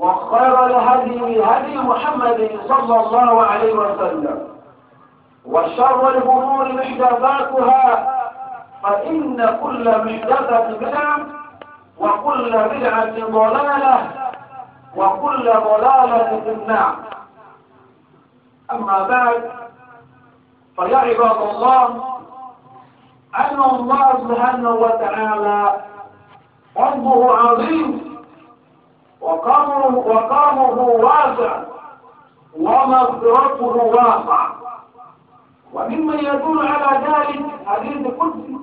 واختار لهدي هدي محمد صلى الله عليه وسلم وشر الأمور محدثاتها فإن كل محدثة بدعة وكل بدعة ضلالة وكل ضلالة في النار أما بعد فيا عباد الله أن الله سبحانه وتعالى ربه عظيم وقامه, وقامه واسع ومغفرته واسعة وممن يدل على ذلك حديث قدسي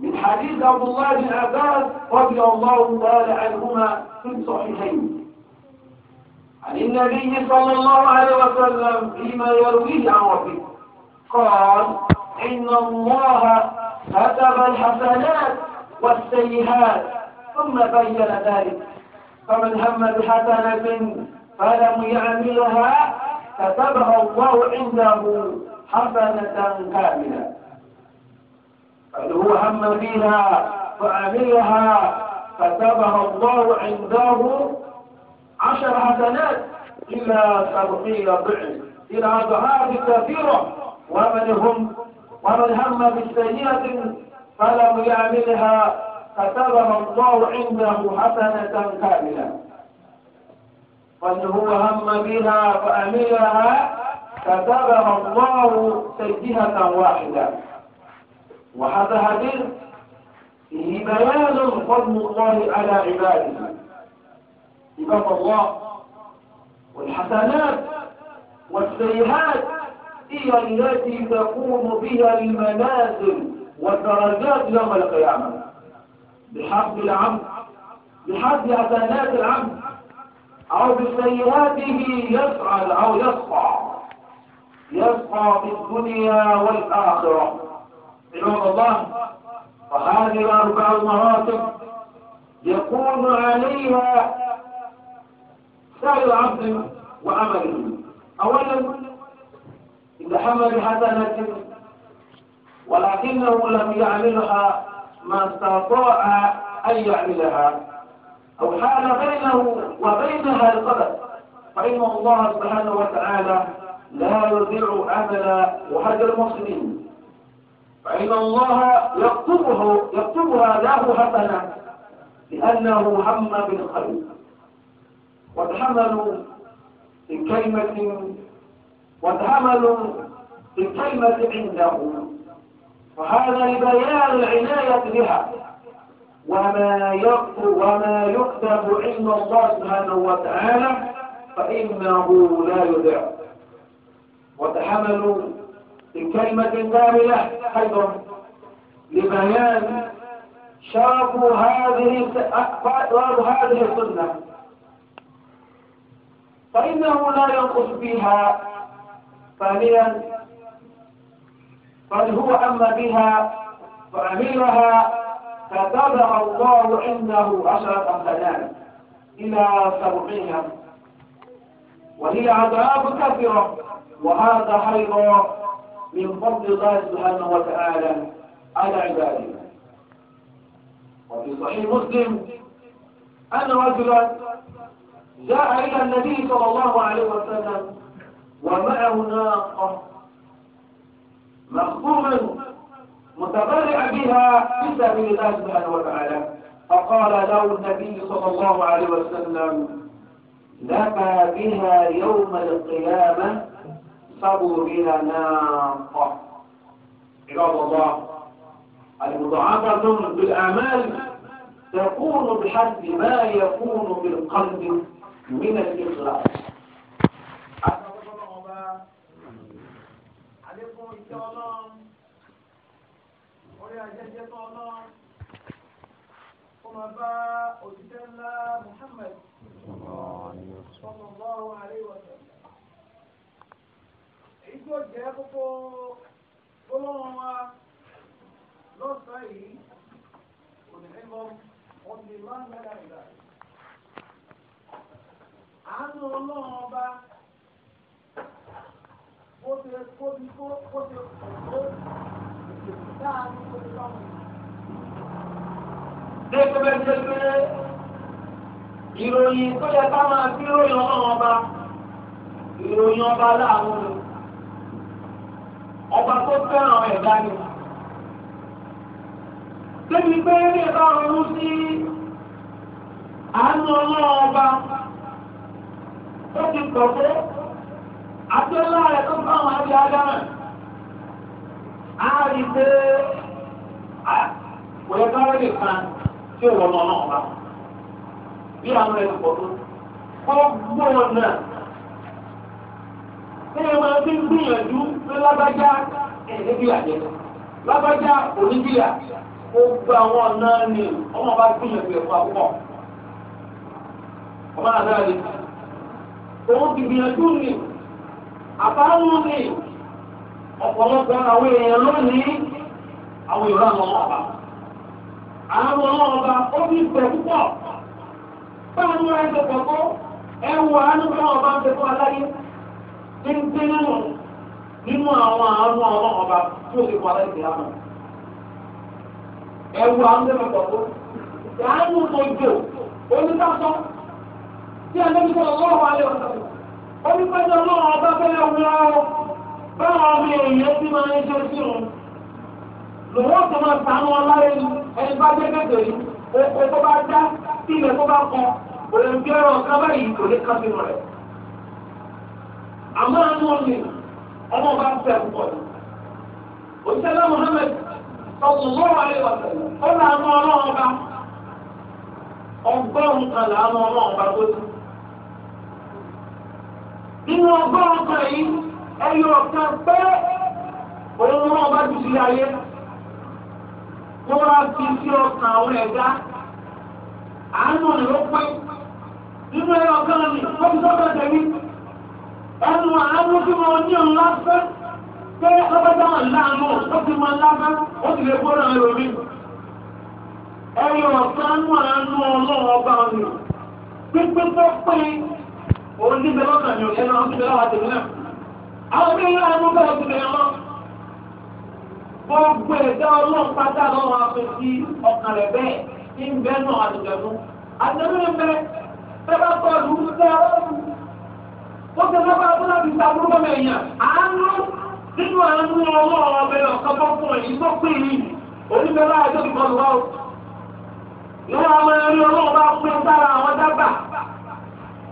من حديث عبد الله بن عباس رضي الله تعالى عنهما في الصحيحين عن النبي صلى الله عليه وسلم فيما يرويه عن ربه قال إن الله كتب الحسنات والسيئات ثم بين ذلك فمن هم بحسنة فلم يعملها كتبها الله عنده حسنة كاملة بل هو هم بها فعملها كتبها الله عنده عشر حسنات إلى سبعين ضعف إلى أضعاف كثيرة ومن هم ومن هم بسيئة فلم يعملها كتبها الله عنده حسنة كاملة وإن هو هم بها فأملها كتبها الله سجهة واحدة وهذا حديث فيه بيان فضل الله على عباده كتاب الله والحسنات والسيئات هي التي تكون بها المنازل والدرجات يوم القيامه بحق العبد بحق حسنات العبد أو بسيئاته يفعل أو يصفع يصفع في الدنيا والآخرة عباد الله فهذه الأربع مراتب يكون عليها سعي العبد وعمله أولا إن حمل حسنة ولكنه لم يعملها ما استطاع أن يعملها أو حال بينه وبينها القدر فإن الله سبحانه وتعالى لا يضيع عمل أحد المسلمين فإن الله يكتبه يكتبها له حسنة لأنه هم بالخير وتحملوا بكلمة كلمة وتحملوا من كلمة عنده فهذا لبيان العناية بها وما يكتب وما يكتب عند الله سبحانه وتعالى فإنه لا يدع وتحملوا من كلمة كاملة أيضا لبيان شرف هذه هذه السنة فإنه لا ينقص فيها ثانيا بل هو أما بها فأميرها فتابع الله عنده عشرة أمثلان إلى سبعين وهي عذاب كثيرة وهذا حيض من فضل الله سبحانه وتعالى على عباده وفي صحيح مسلم أن رجلا جاء إلى النبي صلى الله عليه وسلم ومعه ناقة مخطوبا متبرع بها في سبيل الله سبحانه وتعالى فقال له النبي صلى الله عليه وسلم لقى بها يوم القيامة صبوا بها ناقة عباد الله المضاعفة بالأعمال تكون بحسب ما يكون بالقلب من الإخلاص àlékún iṣẹ́ ọlọ́run orí ajẹ́jẹ́ fún ọlọ́run kó máa bá òṣìṣẹ́ ńlá Muhammad sallallahu alaihi wa èyí tó jẹ́ kókó olóhùn wa lọ́sàn-án yìí kò ní fẹ́ wọn ti máa ń gbẹ́dàgbà àánú ọlọ́run ọba ó ti kó bí kó ó ti kó dáa ní kó ti bá wọn. Dégbé bẹ́ẹ̀ ṣe pé ìròyìn tó yẹ ká máa fi ròyìn ọlọ́run ọba ìròyìn ọba láàánú ni ọba tó fẹ́ràn ẹ̀dá ni. Débi pé ilé bá ronú sí àánú ọlọ́run ọba ó ti pọ̀ pé àtọ́lá rẹ̀ tó bá wọn àbí ádámà á rí i pé kò yẹ káwé nìkan tí ò wọnà náà bá bí àwọn ẹ̀rọ pọ̀ tó kó gbóòó náà ṣé ẹ máa fi gbìyànjú pé lágbájá ẹ̀ẹ́dẹ́gbì àjẹ lágbájá oníbíyà gbogbo àwọn ọ̀nà ni ọmọ bá gbìyànjú ẹ̀kọ́ àkọ́kọ́ ọmọ náà dára ni òun ti gbìyànjú ni. àbáwọn ní ọ̀pọ̀lọpọ̀ àwọn èèyàn lónìí àwọn ìlú àwọn ọba àwọn ọba ó ní ìgbẹ́ púpọ̀ báwọn ará ẹgbẹ́ pọ̀pọ̀ ẹ wọ àánú ọba ń fún aláyé nínú nínú àwọn àánú àwọn ọba tí ó fi kọ́ ẹ wọ àánú àánú mojò onítàkọ́ tí a lè fi sọ̀rọ̀ lọ́wọ́ alẹ́ ọ̀sán. onípẹ́jọ náà ọba fẹ́lẹ́ wúra ọ báwọn ọmọ èèyàn ti máa ń ṣe sí òun lòun ọ̀sẹ̀ máa sànú ọlá ẹni ẹni bá jẹ́ kẹ́kẹ́ yìí oko tó bá dá ilẹ̀ tó bá kọ òun ọ̀rọ̀ kò lè ká rẹ̀ àmọ́ àánú ọ̀nì ọmọ bá ń fẹ́ púpọ̀ sọ̀tún ọba ọgbọ́n kan ọlọ́run tó nínú ọgọ́rùn kan yìí ẹyọ ọ̀kan pé òun wọn bá dùn sí ayé wọn wá fi sí ọkàn àwọn ẹ̀dá àánú ni ó pé nínú ẹyọ ọ̀kan mi ó fi sọ́kàn tẹ̀lé ẹnu àánú tí mo ní òun pé wọn láàánú ó ti mọ ó lè gbóná ẹrọ mi ẹyọ àánú ọlọ́run ọba òun ti bẹ lọ́kàn mi ò lẹ́nu àwọn ti bẹ láwa tèmi náà. àwọn bí ńlá ẹnu bẹ́ẹ̀ ti bẹ̀rẹ̀ lọ. gbogbo ẹ̀dá ọlọ́run pátá lọ́wọ́ aṣọ ọkàn rẹ̀ bẹ́ẹ̀ ní ń bẹ́ẹ̀ náà bẹ́ẹ̀ bá bẹ́ẹ̀ ó ti abúlé ti ta àánú nínú àánú ọbẹ̀ bọ́ fún ẹ̀yìn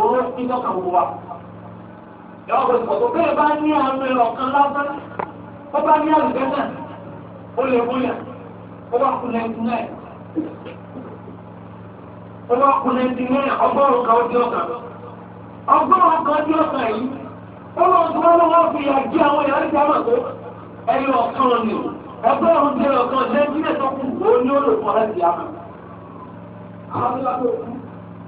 òun ló ti dọ́kà wò wá. pọ̀ tó bẹ́ẹ̀ bá ní ẹ̀rọ kan lásán, ó bá ní àlùbẹ́ náà, ó lè múlẹ̀, ó bá náà. Ó bá náà yìí, ó lọ wọn fi àwọn ìyá ìjà tó ẹyọ ni o. tó kù,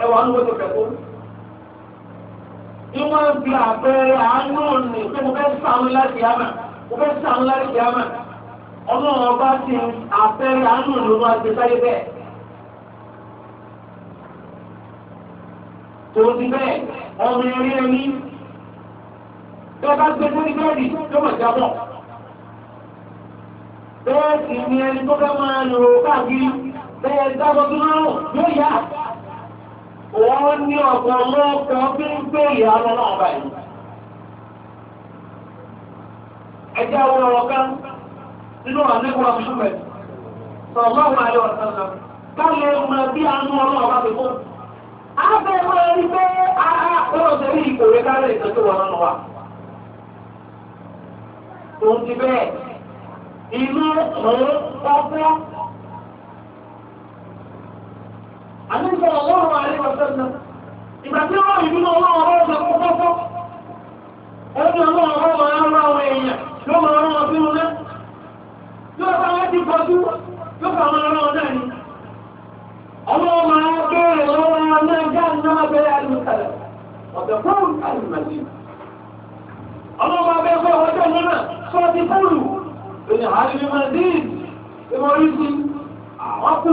ẹwà ń wọ́n tó kẹ́kọ̀ọ́. Ìwọ́n ń fi àpẹẹrẹ àánú òní pé mo fẹ́ sàánú láti yámà, mo fẹ́ sàánú láti yámà. Ọlọ́run ọba ti àpẹẹrẹ àánú òní ló máa gbé sáyé bẹ́ẹ̀. Tòun ti bẹ́ẹ̀, ọmọ eré ẹni. Bí ọba gbé sórí bẹ́ẹ̀dì, yóò mọ̀ jábọ̀. Bẹ́ẹ̀ sì ni ẹni tó fẹ́ máa lò káàkiri, bẹ́ẹ̀ dábọ̀ tó náà yóò yá. òun ní ọ̀gá ọlọ́ọ̀kan bí ń gbé ìyá lọ́nà ọba yìí. ẹjẹ́ àwọn ọ̀rọ̀ kan nínú àlékún àbúṣúmẹ̀ sọ̀rọ̀ máa wà ọ̀sán náà ká lè bí anú ọlọ́ọ̀ bá ti fún. a fẹ́ mọ pé ìkòwé kárẹ̀ ìtọ́jú wọn wa. àdúgbò ọlọ́run àríwá sẹ́nu ìgbà tí wọ́n ìlú náà wọ́n ọ̀rọ̀ ọ̀sẹ̀ pọ́pọ́pọ́ ẹni ọlọ́run ọ̀rọ̀ ọ̀rọ̀ àwọn èèyàn yóò máa rán wọn sínú náà yóò bá wọn ti kọjú yóò bá wọn rán wọn náà ni ọlọ́run máa bẹ̀rẹ̀ lọ́wọ́ anájà náà bẹ̀rẹ̀ àlùkàlẹ̀ ọ̀dọ̀ fún àlùmọ̀jì ọlọ́run máa bẹ̀rẹ̀ fún ọjọ́ náà sọ́ọ́ ti fúlù ìrìn àlùmọ̀jì ìmọ̀rí sí àwọn kú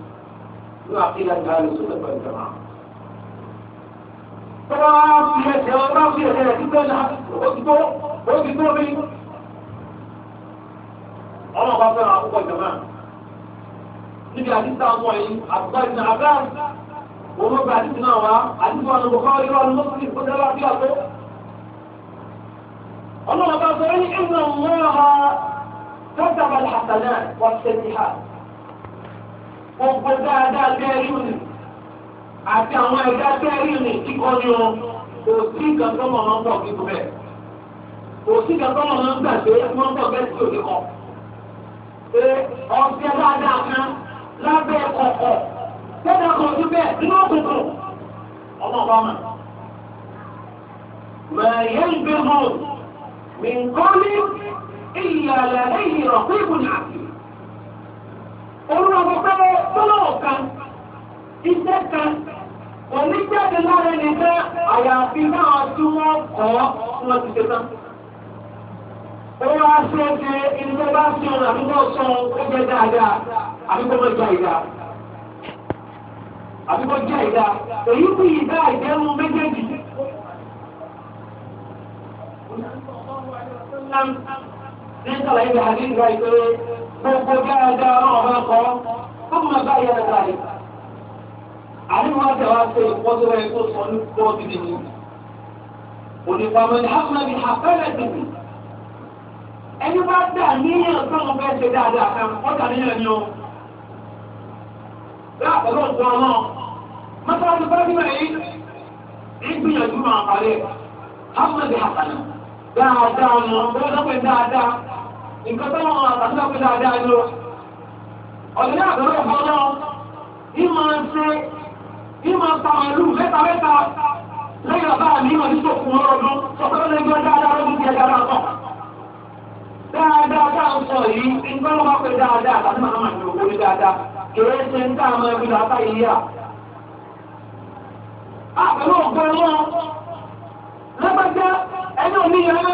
ní àkílẹ̀ ìgbà ìṣúná pẹ̀lú ìjọba. Tọ́lá fi ẹsẹ̀ ọlá fi ẹsẹ̀ rẹ̀ títẹ̀ náà ó ti tó ó ti tó mi. Ọlọ́run bá fẹ́ràn àkókò ìjọba. Níbi àdìsá àwọn yìí, àbúgbà ìdìnnà àbúrà òun gba àdìsí náà wá, àdìsí wọn lọ́wọ́ kọ́ irú ọdún mọ́tò ní ìfọ́jọ́ láti àtó. Ọlọ́run bá fẹ́ràn ìgbà wọn wọ́n gbogbo dáadáa tẹ́rí ni àti àwọn ẹ̀dá tẹ́rí ni kíkọ́ ni o kò sí nǹkan tó mọ̀ wọn pọ̀ kíkọ́ bẹ́ẹ̀ kò sí nǹkan tó mọ̀ wọn gbà pé wọ́n pọ̀ bẹ́ẹ̀ sí òde kọ́ pé ọ̀sẹ̀ dáadáa kan lábẹ́ kọ̀kọ̀ tẹ́lá kan tó bẹ́ẹ̀ nínú òkùnkùn ọmọ ọba mà. Mẹ̀yẹ́ ń hàn mí nǹkan ní ìyàlẹ́ ìyẹ̀rọ̀ pé ìbùnà àti òun ọmọ pẹ́lẹ́ tọ́lọ̀ kan iṣẹ́ kan òní jáde lára nìkan àyàfi náà tí wọ́n kọ́ wọn ti ṣe tán. ó wá ṣe é ṣe ilé bá ṣe ọ̀nà àdúgbò sọ ó jẹ́ dáadáa àdúgbò mọ́ ìjà ìdá. àdúgbò jẹ́ ìdá èyí kù ìdá ìdẹ́rù méjèèjì. Nígbà yìí ni àdéhùn wáyé pé gbogbo dáadáa náà máa kọ́ ó máa bá yẹn lọ́wọ́ rẹ̀. àríwá àtàwọn àti ìpọ́sọ́ rẹ̀ tó sọ ní kọ́ gidi ni. onípamọ́ ni hàmúlẹ̀ mi ẹni bá dà níyàn ṣe dáadáa kan níyàn ni náà bá bí máa dáadáa nǹkan tó wọn àtàkùn àpẹẹrẹ àdáa ló ọ̀dọ̀ ní àgbẹ̀rẹ̀ ọ̀fọ́ ní máa ń ṣe ní máa ń ta màálù mẹ́ta mẹ́ta lẹ́yìn ọ̀bá mi dáadáa lọ́dún ti ẹja náà tán. dáadáa tá à ń sọ yìí nǹkan ló máa dáadáa dáadáa ṣe ń tá ẹbí yìí náà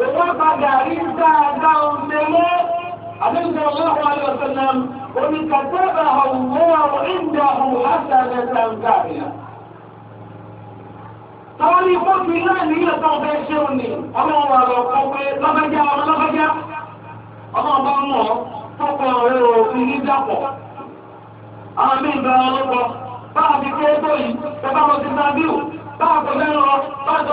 pẹ̀lú àgbàgà rí dáadáa òǹtẹ̀lé àdéhùn ọlọ́run alẹ́sẹ̀lẹ́m oníkàtẹ́bà ọ̀wọ́ ìjà ọ̀hún àtàlẹ́ tàǹkàrìà. Táwọn ní fọ́ọ̀tù iná ìníyàn tó ń fẹ́ ṣe òní, ọmọ wa lọ kọ́ lọ́bẹ́já ọmọ lọ́bẹ́já. Ọmọ ọba mọ̀ tọ́pọ̀ ọ̀rẹ́ òfin ní dàpọ̀. Àwọn mí ìgbà ọlọ́pọ̀ báà fi kéré tó yìí, ẹ bá wọn ti sábíù, báà kò tó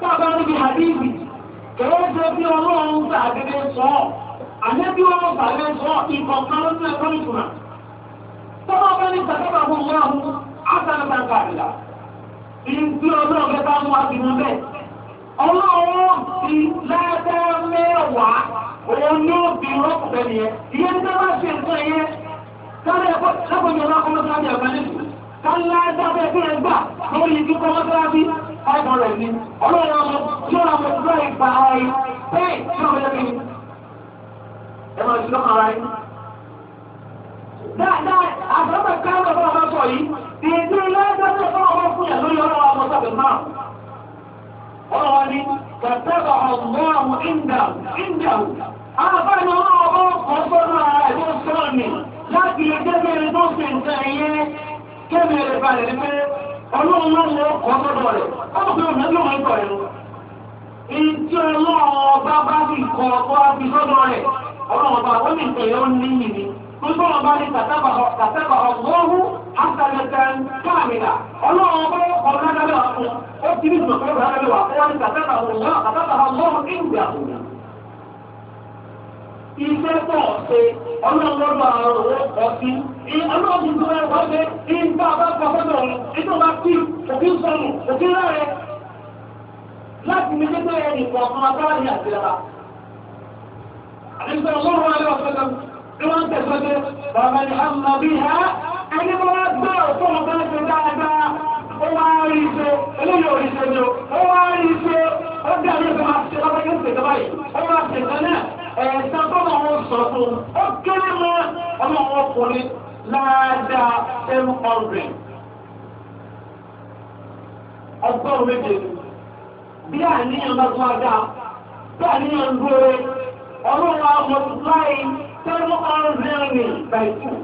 sábà níbi àdéhùn kẹ̀wọ́n jẹ́ bí ọlọ́run gbà gẹ́gẹ́ sọ ọ́ àlẹ́bí ọlọ́run gbà gẹ́gẹ́ sọ ìkọ̀kan ló tún ẹ̀kọ́ ìtura sábà bá ní sàkẹ́bà fún ìyá ọ̀hún ásàlùmá kàrìlà ìdí ọlọ́run bẹ́ẹ̀ bá mú àbínú bẹ́ẹ̀ ọlọ́run ti lẹ́ẹ̀dẹ́ mẹ́wàá òun ní òbí rọ́pùpẹ́ nìyẹn ìyẹn ní sábà ṣe nǹkan yẹn sáré ẹ̀kọ́ lọ́kọ̀ọ́ five hundred ní ọlọ́run ọmọ tí wọ́n mọ̀ tí wọ́n gba ara yìí bẹ́ẹ̀ tí wọ́n fẹ́ mi. ẹ máa ti lọ́kàn ara yìí. dáadáa àtọ́gbà káyọ̀ bá wọn sọ yìí ìdí lẹ́gbẹ̀ẹ́ bá wọn fún yà lórí ọlọ́run ọmọ sọ̀tẹ̀ náà. ọlọ́run ni kẹtẹ́bà ọ̀gbọ́n ìndà ìndà àwọn bá ní ọlọ́run ọmọ kan sọ́dún ara ẹ̀ tó sọ̀rọ̀ ni láti ẹgbẹ́ mi tó fi nǹkan ẹ̀yẹ balẹ̀ ní pé ọlọ́run máa ń wọ ọkọ̀ ọgbọ́dọ̀ rẹ̀ ọmọ pé òun ló máa ń tọ̀ ẹ̀rọ. ọlọ́run ọba bá fi kọ́ ọkọ̀ àfi sọ́dọ̀ rẹ̀ ọlọ́run ọba ó ní ìpẹ̀lẹ́ ní ìní. tó sọ̀rọ̀ ní kàtàkà ọgbọ́hún àtàlẹ̀kẹ́ káàmìlà ọlọ́run ọba ọkọ̀ ọ̀gá dábẹ́ wà fún ó ti ní ìgbà iṣẹ́ pọ̀ ṣe ọlọ́gbọ́gbà ọ̀rọ̀ ọ̀sí ọlọ́ọ̀dún tó bá wọ́n ṣe ìgbà bá kọ fọ́dọ̀ ọ̀run ètò bá kí òkú sọnù òkú rẹ̀ láti ní pé bẹ́ẹ̀ ní kọ̀ọ̀kan agbára ní àtìlára. àdìsọ ọlọ́run alẹ́ ọ̀sọ́dọ̀ ni wọ́n ń tẹ̀sọ́dọ̀ bàbá ni àmà bí ha ẹni bọ́ wá gbé ọ̀pọ̀ ọ̀gá ṣe dáadáa ó wá rí ṣe olóyè òrìṣẹ́ ni ó wá rí ṣe ó dàbí ọ̀gá ṣe lọ́wọ́ yóò ṣe ẹ̀sán tó náà wọ́n sọ fún ó kéré mọ́ ọmọ wọn láàdáa ten hundred ọgọ́rùn méje bí àníyàn bá tún adá bí àníyàn gbóore ọlọ́run multiply ten hundred by two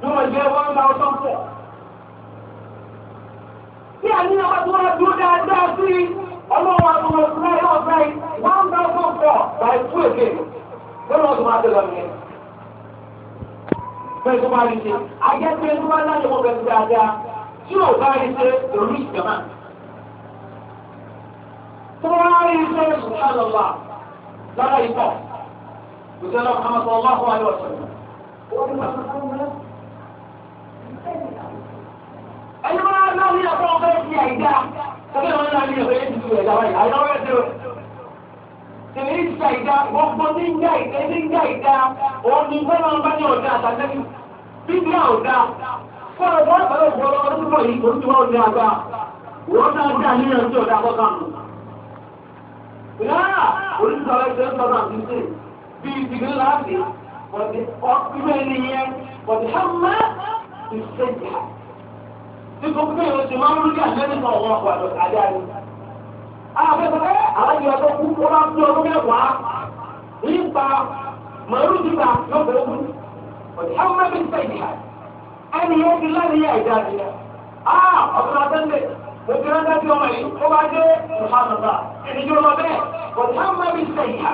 ní wọ́n jẹ́ one thousand four bí àníyàn bá tún adúró dáadáa sí i. ọlọ́run àtúmọ̀ ìpínlẹ̀ náà báyìí one thousand four by two again lọ́nà ọdún máa tẹ̀lé ọ̀nìyẹn. bẹ́ẹ̀ tó bá rí ṣe ajẹ́ pé tó bá láyé wọn bẹ̀rẹ̀ dáadáa tí ò bá rí ṣe lórí ìjọba. tó bá rí ṣe sùkúlọ̀lọ́wà lára ìtọ̀ ìṣẹ̀lẹ̀ ọ̀hánmọ́sọ̀ ọlọ́kùnrin àlẹ́ ọ̀sẹ̀. ẹni máa ń lọ ní ti àìdá tàbí àwọn náà ní ọ̀rẹ́ ìdúró ẹ̀dá wáyé àwọn ọ̀rẹ́ ìdúró. Tèmi ń ṣe àìdá, gbogbo ní ń dá ìdá, ní ń dá ìdá, òun ni fẹ́ràn ọba ní ọ̀dà àtàlẹ́yìn. Bíbí à ọ̀dà, fọ́nà bọ́ àbálẹ̀ òkú ọlọ́wọ́ tó bọ̀ yìí, òun ti wá ọ̀dà àgbà. Wọ́n náà dá ní ọjọ́ ọ̀dà àkọ́kọ́ nù. Ìlànà oríṣiríṣi ọ̀rẹ́ ìṣẹ́ ń sọ̀rọ̀ àti ṣe bí ìdìgbé láàbì, ọ̀dì ọ̀pìnrin yẹn, ọ̀dì nítorí pé èèyàn ti máa ń rí àjẹ́bí náà wọn kò àjọ àjẹ́ àjẹ́. Àbẹ̀fẹ́ alájọ tó kú kó bá fi ọdún mẹ́wàá nípa màálù dídà yóò fẹ́ wú. Ọ̀dẹ́ àwọn mẹ́bí ń tẹ̀lé ha. Ẹni yẹn ti láti yẹ àjẹ́ àjẹ́. Á ọ̀dọ́ abẹ́lẹ̀ mo fi ránṣẹ́ sí ọmọ yìí kó bá dé ìfàmùfà ẹni yóò lọ bẹ́ẹ̀. Ọ̀dẹ́ àwọn mẹ́bí ń tẹ̀lé ha.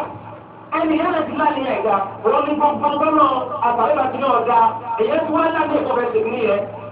Ẹni yẹn ti láti yẹ àjẹ́ àjẹ́. Òun ni gbọ̀ngbọ̀ngbọ̀n náà àtàlẹ́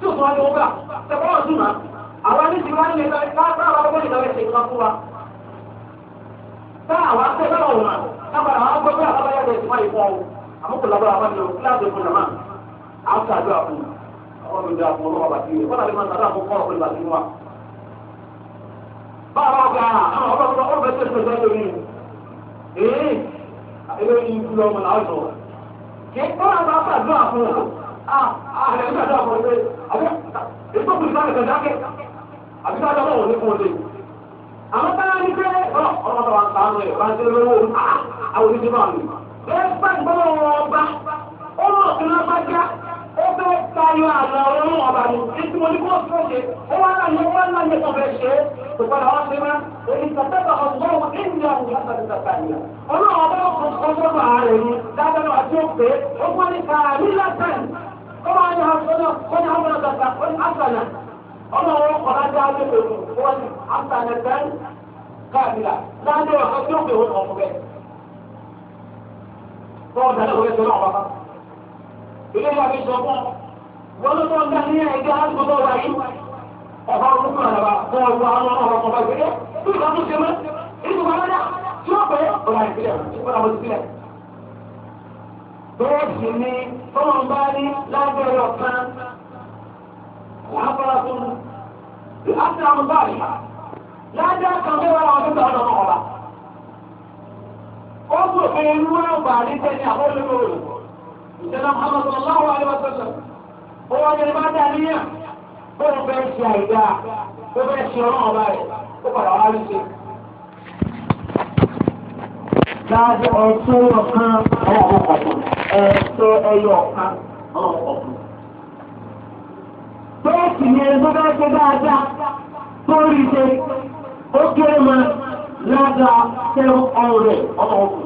tí òtún wájú ọgbà tẹ̀kọ́ náà dùn náà àwọn ní ìwà ní ẹgbẹ́ láàbá àwọn ọgbọ́n ìlọ́wẹ́ ṣe ìwà fún wa. tá àwọn akẹ́ bẹ́ẹ̀ wọ̀n náà lábàrá àwọn agbọ́ bẹ́ẹ̀ alábàáyá bẹ́ẹ̀ ti wá ìfọ́ o àmúkò lábàrá wọn ni o kíláàsì fún nàmá àwọn kàdó àfún àwọn mi dá àfún ọlọ́wọ́ bàtí rẹ̀ fọ́nà bí wọn sàdá àfún kọ́ọ̀kọ́ ìbàtí wa. báwa ọgbà àwọn ọlọ́wọ́ ọlọ́wọ́ bẹ́ẹ̀ tó ṣe lórí ee ẹgbẹ́ yìí kú lọ́mọ làwọn sọ̀rọ̀ kí ẹ àbí ètò ìgbà kan dákẹ́ àbí ká lọ́wọ́ òní fún ọdẹ. àwọn báyọ̀ ní pé ọmọ tó wà ń sàánú ẹ̀ bá ń tẹ́ lọ́wọ́ àwọn oníṣẹ́ máa lò. ẹ bá gbọ́dọ̀ wọn ọba ó mọ̀ sí lágbájá ó fẹ́ tayọ àlọ́ ọlọ́run ọba ni títí mo ní kó fẹ́ ṣe ó wá láyé ó wá láyé kan fẹ́ ṣe é tó padà wá sí máa èyí tàbẹ́tà ọgbọ́n ìyá òyìnbá tàbí tàbí àyà ọlọ́run ọba ọkọ̀ ọgbọ́n ààrẹ ni dáadáa àti òpè ó wá ní kàrí látàn ọmọ àyà àtọ́nà kọ́ni àbọ̀nà tàtà kọ́ni àtànà ọmọ wọn kọ́ láti àjọ pẹ̀lú wọn àtànà bẹ́ẹ̀ káàdìlà láti ọ̀hán tó pè wọn ọ̀fọ̀ bẹ́ẹ̀. bọ́ọ̀ dáná wọlé tó náà wá. ilé ìyá mi sọ fún wọn ló tó ń dá ní ẹgbẹ́ àgbọ̀dọ̀ wáyé ọ̀fọ̀ ọdún kan náà fún ọgbà àwọn ọmọ ọmọ bàbá ìgbẹ́ tó ìgbà tó ṣe mọ́ ìdúgbà náà tí wọ́n pẹ́ ọ̀là ìpínlẹ̀ bẹ́ẹ̀ sì ni tọ́wọ́n bá rí lábẹ́rẹ́ ọ̀kan lábẹ́rẹ́ tó lù láti àwọn báyìí lájẹ́ kan bẹ́ẹ̀ wọ́n àwọn tó tọ́ ọ̀nà ọ̀la. ó gbò pé irú àgbà rí tẹ́lẹ̀ àwọn olóòrò ìjọba muhammadu aláwọ̀ aláwọ̀sọ̀sọ̀ ó wọ́n jẹ́ bá dá níyà bó o fẹ́ ṣe àìdá bó o ṣe ọlọ́run ọba rẹ̀ ó padà wá rí ṣe. Láti ọ̀tún ọ̀kan ọ̀hún ọ̀hún. ẹ̀ẹ́dẹ́ ẹyọ ọ̀kan ọlọ́pọ̀. bẹ́ẹ̀ sì ni ẹni ṣe dáadáa tó rí ṣe ó kéré mọ́ ládàá tẹ́lẹ̀ ọ̀rọ̀ rẹ̀ ọlọ́pọ̀.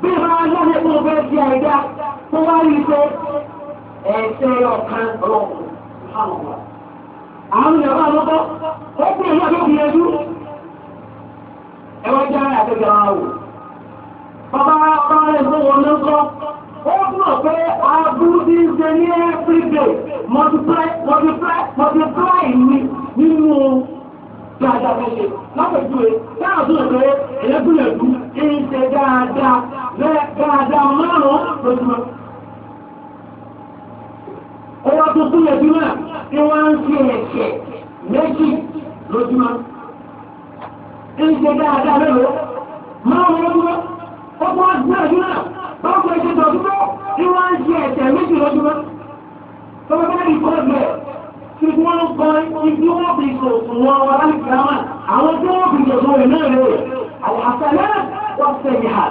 bí ìbára lóde tó bẹ́ di àìdá tó wá rí ṣe ẹ̀ẹ́dẹ́ ẹyọ ọ̀kan àwọn ìyàwó àlọ́kọ́ ó kúrò lọ́dọ̀ ìyẹn dúró. ẹ wá jẹ́ bàbá bá rẹ̀ fún wọn ló kọ́ ó mọ̀ pé aburú ti ń ṣe ní everyday multiply multiply multiply mi nínú dáadáa fẹ́ṣe lápẹ̀júwe dáhùn tó lè ẹ̀lẹ́gbìyànjú kí ń ṣe dáadáa lẹ́ dáadáa márùn-ún lójúmọ́ ọwọ́ tó kú lẹ́bí náà tí wọ́n ń ṣe ẹ̀ṣẹ̀ méjì lójúmọ́ ń ṣe dáadáa lẹ́lọ́ márùn-ún lójúmọ́ ọmọ àdúrà báwọn ẹgbẹ́ ìjọdúnmọ́ tí wọ́n ń ṣe ẹ̀ṣẹ̀ méjì lọ́dúnmọ́ tọ́wọ́ bá ní ìkọ́gbẹ̀ tí wọ́n ń kọ ibi wọ́n fi sòsùn wọn wá láti gbàmà àwọn tí wọ́n fi sòsùn rẹ̀ náà rẹ̀ àtàlẹ́ wọ́n fẹ̀yì hà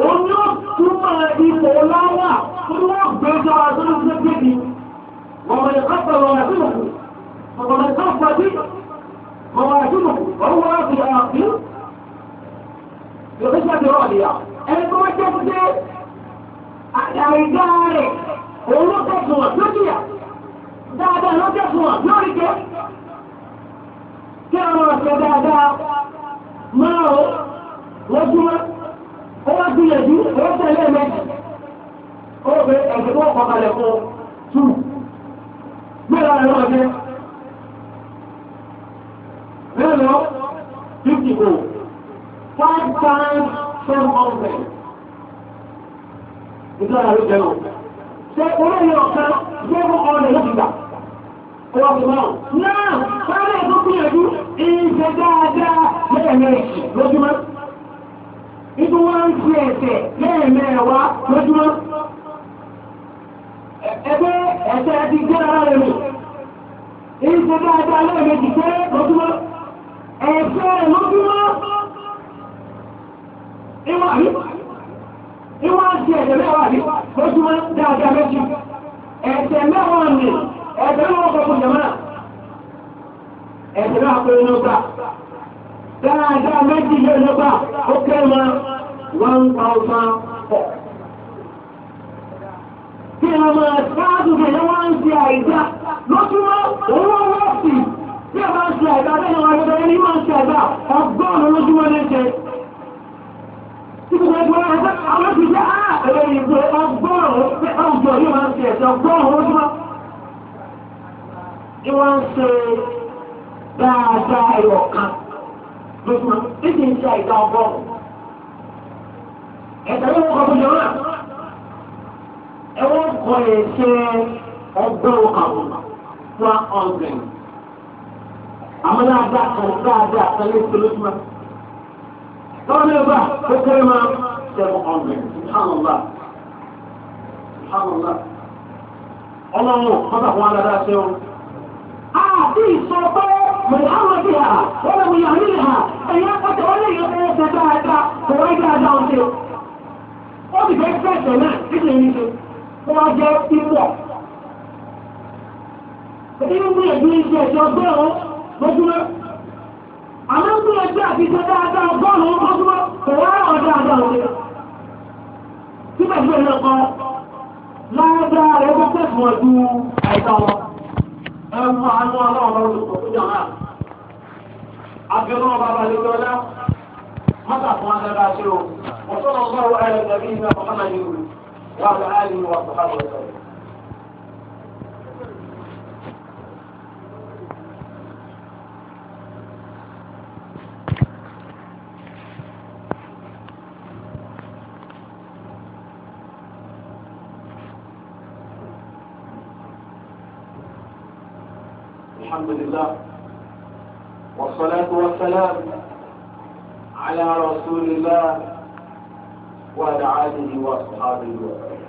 òun ni ó túmọ̀ ipò láwà tó wọ́n gbé jọ àtúntò tó gbé bi wọ́n mọ̀ ẹ̀kọ́ pẹ̀lú ọ̀rẹ́ tó lọ́kù wọ́n mọ̀ ẹ̀kọ́ pẹ̀lú ọ̀rẹ́ tó lọ́kù lórí ìgbàgbé ọ̀dì yà ẹni tó wájú pé àìdá rẹ̀ òun ló tẹ̀sùn wọn lójú yà dáadáa ló tẹ̀sùn wọn lórí jẹ́ kí àwọn ọ̀sẹ̀ dáadáa máa ó o ó wá gbìyànjú ó tẹ̀lé mẹ́jì ó bẹ ẹ̀jẹ̀ tó kọ̀ kalẹ̀ fún tù gbẹ́ra rẹ̀ lọ́jẹ́ bẹ́ẹ̀ lọ́wọ́ time from oven. Ìjọba ló jẹ́ o. Ṣé olóyè ọ̀kan seven hundred ló ti gbà? Ọwọ́ mi náà. Náà sáré tó gbìyànjú ìṣe dáadáa lẹ́ẹ̀mejì lójúmọ́. Ibi wọ́n ń ṣe ẹ̀sẹ̀ lẹ́ẹ̀mẹ́wàá lójúmọ́. Ẹgbẹ́ ẹ̀sẹ̀ ti gbé ara rẹ̀ mi. Ìṣe dáadáa lẹ́ẹ̀mejì pé lójúmọ́. Ẹ̀sẹ̀ lójúmọ́ ìwọ̀n àbí ìwọ̀n àti ẹ̀jẹ̀ mẹ́wàá àbí lójúmọ́ dáadáa lójú ẹ̀jẹ̀ mẹ́wàá ni ẹ̀jẹ̀ mẹ́wàá kọ̀ fún jẹ̀mọ́ ẹ̀jẹ̀ mẹ́wàá péré ló gbà dáadáa méjì yóò ló gbà ó kéré mọ́ one thousand four. Kí ni ọmọ ṣáájú kẹ̀yẹ́ wá ń ṣe àìdá lójúmọ́ owó wọ́ọ̀sì bí ẹ bá ń ṣe àìdá bẹ́ẹ̀ ni wọ́n á gbọ́dọ̀ ẹni máa ń ṣe àìdá ọgọ́rùn-ún lójúmọ́ ní ṣe. tí kò gbogbo ẹgbẹ́ àwọn ń ṣe dáadáa ẹ̀rọ kan lójúmọ́ bí kì í ṣe àìdá ọgọ́rùn-ún. ẹ̀sẹ̀ yóò kọ́ fún yọ̀ọ́ ẹ̀wọ́n kọ́ ẹ̀ ṣe ọgọ́rùn-ún àwọn one hundred. àwọn dáadáa kan dáadáa kan ló lọ́dún ẹgbà ó kéré máa seven hundred subhanallah subhanallah ọlọ́run kọ́tà fún alára ṣe wọn. àti ìsọpẹ́ pẹ̀lú àwọn ẹbí ha wọ́n lè mú ìyá nílé ha ẹ̀yà pàtẹ́ wọ́n lè yọ owó ṣe dáadáa kò wáyé dáadáa ṣe. ó sì fẹ́ fẹ́ ẹ̀sẹ̀ náà títí èyí ṣe kó wá jẹ́ ìwọ̀. inú mi ẹ̀dùn iṣẹ́ ẹ̀ṣẹ̀ ọgbẹ́ ọ̀hún lójúmọ́ àmọ́ tó ẹgbẹ́ àtijọ́ dáadáa ọgọ́rùn-ún ọdún kò wá ọ̀dọ́ àdá òde síbẹ̀síbẹ̀ náà kọ́ láàbá rẹ̀ ó pẹ́ fún ọdún àìsàn wọn ẹ̀rù àánú ọlọ́run lọ́rùn tó jọ náà àbẹ̀rún ọba balẹ̀ lọ́lá mọ́tà fún adára ṣe o wọ́n tó lọ́wọ́ ẹ̀rọ ìgbàgbé ìgbà mọ́tà yìí wà láàárín wa sọ̀rọ̀ الحمد لله والصلاة والسلام على رسول الله وعلى آله وأصحابه وسلم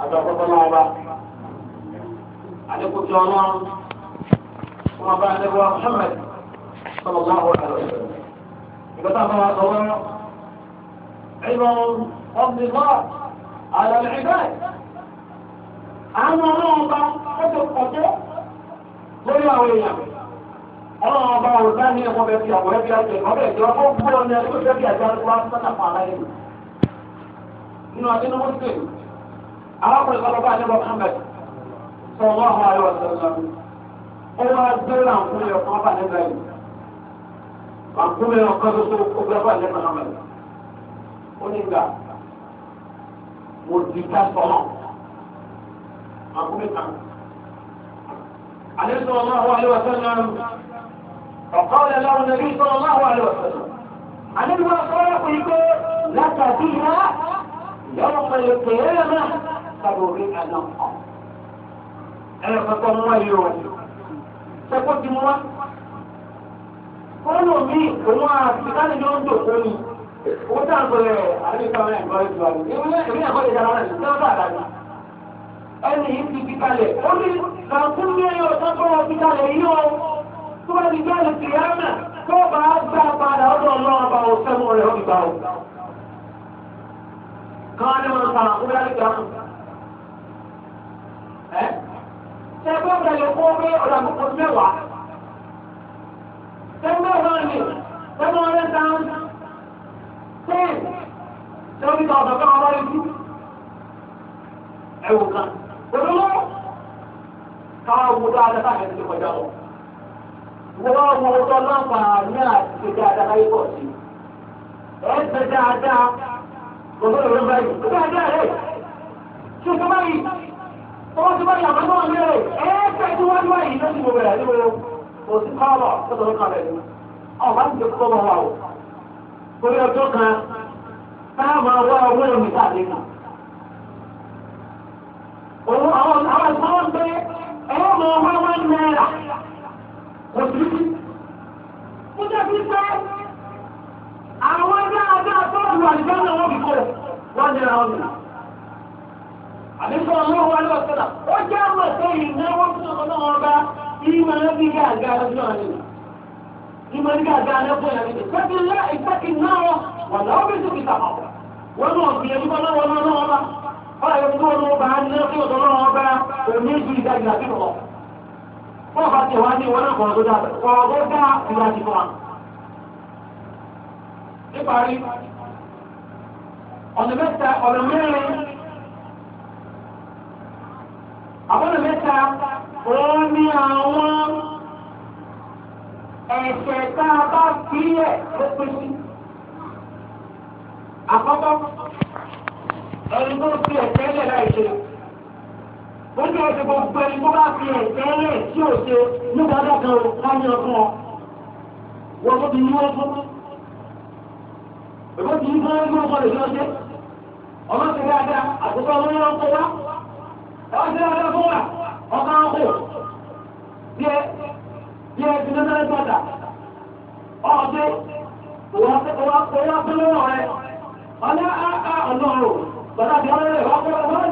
أتقوا الله بقى عليكم الله وما بعد محمد صلى الله عليه وسلم فتبع ضوء عظم فضل الله على العباد أنا الله قد قدر lórí àwọn èèyàn ọlọ́run ọba ọ̀dá ní ẹ̀kọ́ bẹ́ẹ̀ fi àwọn ẹbí àjẹ ọbẹ̀ ìjọ ọkọ̀ gbúdọ̀ ní ẹgbẹ́ ìjọ bí àjọ àti wá fún aláyé nínú adínú muslim arákùnrin kan wọ́n mo ká kan. عليه صلى الله عليه وسلم فقال له النبي صلى الله عليه وسلم عن الوقاق لك فيها يوم القيامة تبرئ نقا أنا فقط ما يوم سقط جمعة kọ́nà mi òun àfikánì ló ń dò fún mi ó dàgbẹ̀rẹ̀ àríkàmẹ́ ìgbọ́rẹ̀ ìgbà mi èmi náà èmi náà kọ́ lè dára rẹ̀ lọ́dọ̀ àdájọ́ ẹni yìí ti fi kalẹ̀ ó ní kàǹkún ní ẹyọ ọ̀sánbọ̀rọ̀ ti kalẹ̀ yìí o tó bá ti gbé ẹ̀lù kìyàmà tó bá gbà padà ọ̀dọ̀ ọlọ́run bá o sẹ́mu rẹ̀ ó gbà o. káwọn ní wọn sàrà kúrẹ́ àlùkò àmù. ẹ ṣe gbọ́ tẹ̀lé kó pé ọ̀dà kókò mẹ́wàá. sẹ́gbẹ́ náà ni sẹ́gbẹ́ ọ̀rẹ́ sáà ten ṣé ó ní ká ọ̀dọ̀ kan ọlọ́run jù. ẹ kan olówó káwá wo dáadáa káàkiri ti kọjá lọ. wọ́n wá wo ọtọ́ láǹfààní àti ṣe dáadáa láyé pọ̀ sí. ẹ ṣe dáadáa gbogbo ìròyìn báyìí. ó dáadáa rẹ̀ ṣe ṣe báyìí. ọwọ́ ti báyìí àmọ́ náà lérè ẹ ṣe tí wọ́n wá yìí lọ́sùn gbogbo rẹ̀ níbo kò sí káwọ́ sọ́dọ̀ kalẹ̀ ni. ọ̀ bá ti ṣe kọ́ mọ́ wa o. torí ọjọ́ kan táà máa wá owó ìròyìn mílíọ̀nù náírà òṣìṣì ó jẹ́ bí pé wọ́n fi kọ́ wọ́n ọlọ́wọ́ ọlọ́wọ́ ọba wọ́n bá tẹ̀ wá ní ìwọ náà kọ̀ọ̀dọ́ dáa kọ̀ọ̀dọ́ dáa ìlú àti fún wa. níparí ọ̀nà mẹ́ta ọ̀nà mẹ́rin àbọ̀nà mẹ́ta wọ́n ní àwọn ẹ̀ṣẹ̀ tá a bá fílẹ̀ tó pín sí. àkọ́kọ́ ẹni tó fi ẹ̀ṣẹ̀ lẹ̀ láì ṣe. Ojú ẹsẹ̀ gbogbo ẹni tó bá fi ẹ̀sẹ̀ lẹ̀ tí ò ṣe ní dáadáa kan ò ní ọdún Wọ́n tó ti ní wọ́n fún. Èkó ti ní fún ẹgbẹ́ ọmọ rẹ̀ Ọmọ ti rí ada àkókò ọmọ yẹn kó wá. Ẹwọ́n ti rí fún wa. Ọkọ̀ ń kò. Díẹ̀ díẹ̀ ti ní mẹ́rin gbọ́dà. Ọ̀dẹ́ òwò akọ́lọ́wọ́ rẹ̀. Ọlá á ọ̀nà ọ̀rọ̀. Bàtà ti ọ̀rẹ́ rẹ̀ wá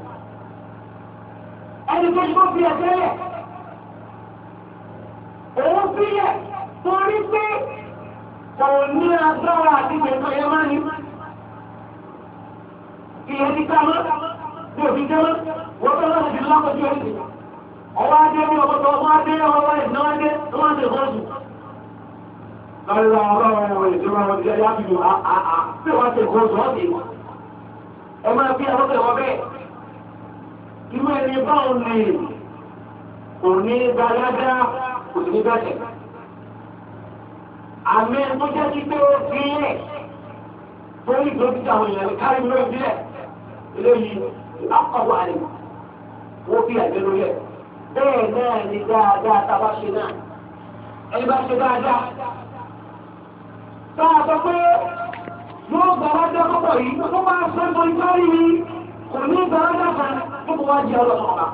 ẹni tó tó fi ẹ̀fẹ́ lẹ̀. Òun sílẹ̀ torí pé kò ní agbára àti ìgbẹ̀tọ̀ yẹn máa ní. Ìyẹn ti ká mọ́, bí òfin jẹ́ mọ́, wọ́n tó lọ́wọ́ ti lọ́kọ̀ sí orí. Ọwọ́ adé ní ọgbọ́tọ̀ ọmọ adé ọwọ́ ẹ̀ náà adé tó wọ́n ti hàn jù. Lọ́lá ọlọ́run ọ̀rọ̀ ìjọba wọn ti yá bí wọ́n ti hàn jù ọ́ sí. Ẹ máa bí àwọn ọ̀rọ̀ bẹ́ẹ̀ irú ẹni báwọn lè kò ní gbalada kò ní bàjẹ́. àmì tó jẹ́ kí pé ó fi lẹ̀ torí ìdókítà àwọn èèyàn kárí lórí bílẹ̀ eléyìí lákọ̀wọ́ àlè wọ́n fi àgbẹ̀ lórí ẹ̀. bẹ́ẹ̀ náà ni dáadáa tá a bá ṣe náà ẹni bá ṣe dáadáa. Táà sọ pé yóò gbàlájà púpọ̀ yìí tó bá ṣe ń bọ ìgbà mi kò ní gbàlájà kan tó kò wá jẹ ọlọ́run ọba.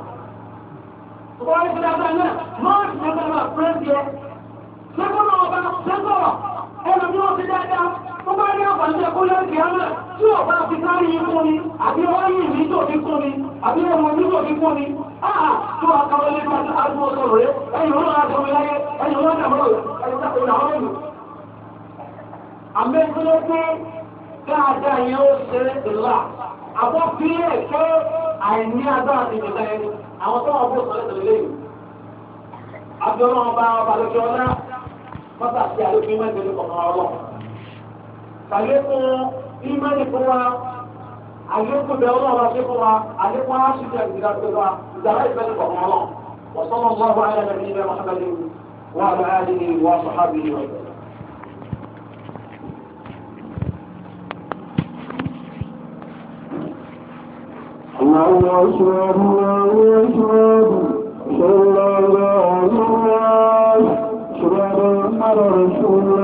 Ọba wa ìṣẹ̀lẹ̀ àgbà náà máa ń ṣe àgbà pẹ́ẹ́sì ẹ. Lẹ́gbọ́n ọba lẹ́gbọ̀rọ̀ ẹlòmí wọn ti dáadáa. Ó bá rí àǹfààní ẹ̀kọ́ lẹ́ẹ̀kì ámà tí ọba fi kárí ikú ni àbí ọyìn mi tó fi kú ni àbí ẹ̀wọ̀n mi tó fi kú ni. Áà tó àkàwé yẹn ó ṣe ìlà àbọ̀ fi ẹ̀kẹ́ àìní agbára ti ti tẹ́ àwọn tó wọn bó sọ lẹ́sẹ̀ lẹ́yìn. abiola ọba ọba lókè ọlá mọ́tà sí àlókè mẹ́jọ ní kọ̀ọ̀kan ọlọ́. sàlékún ìmọ̀lì fún wa àlékún bẹ ọlọ́ọ̀bá ṣe fún wa àlékún aláṣíṣe ìgbìdá fún wa ìdára ìfẹ́ ní kọ̀ọ̀kan ọlọ́. wọ́n sọ́nà ọgbà wa ayé الأشهر والأشهر صلى الله عليه وسلم شهد محمد رسول الله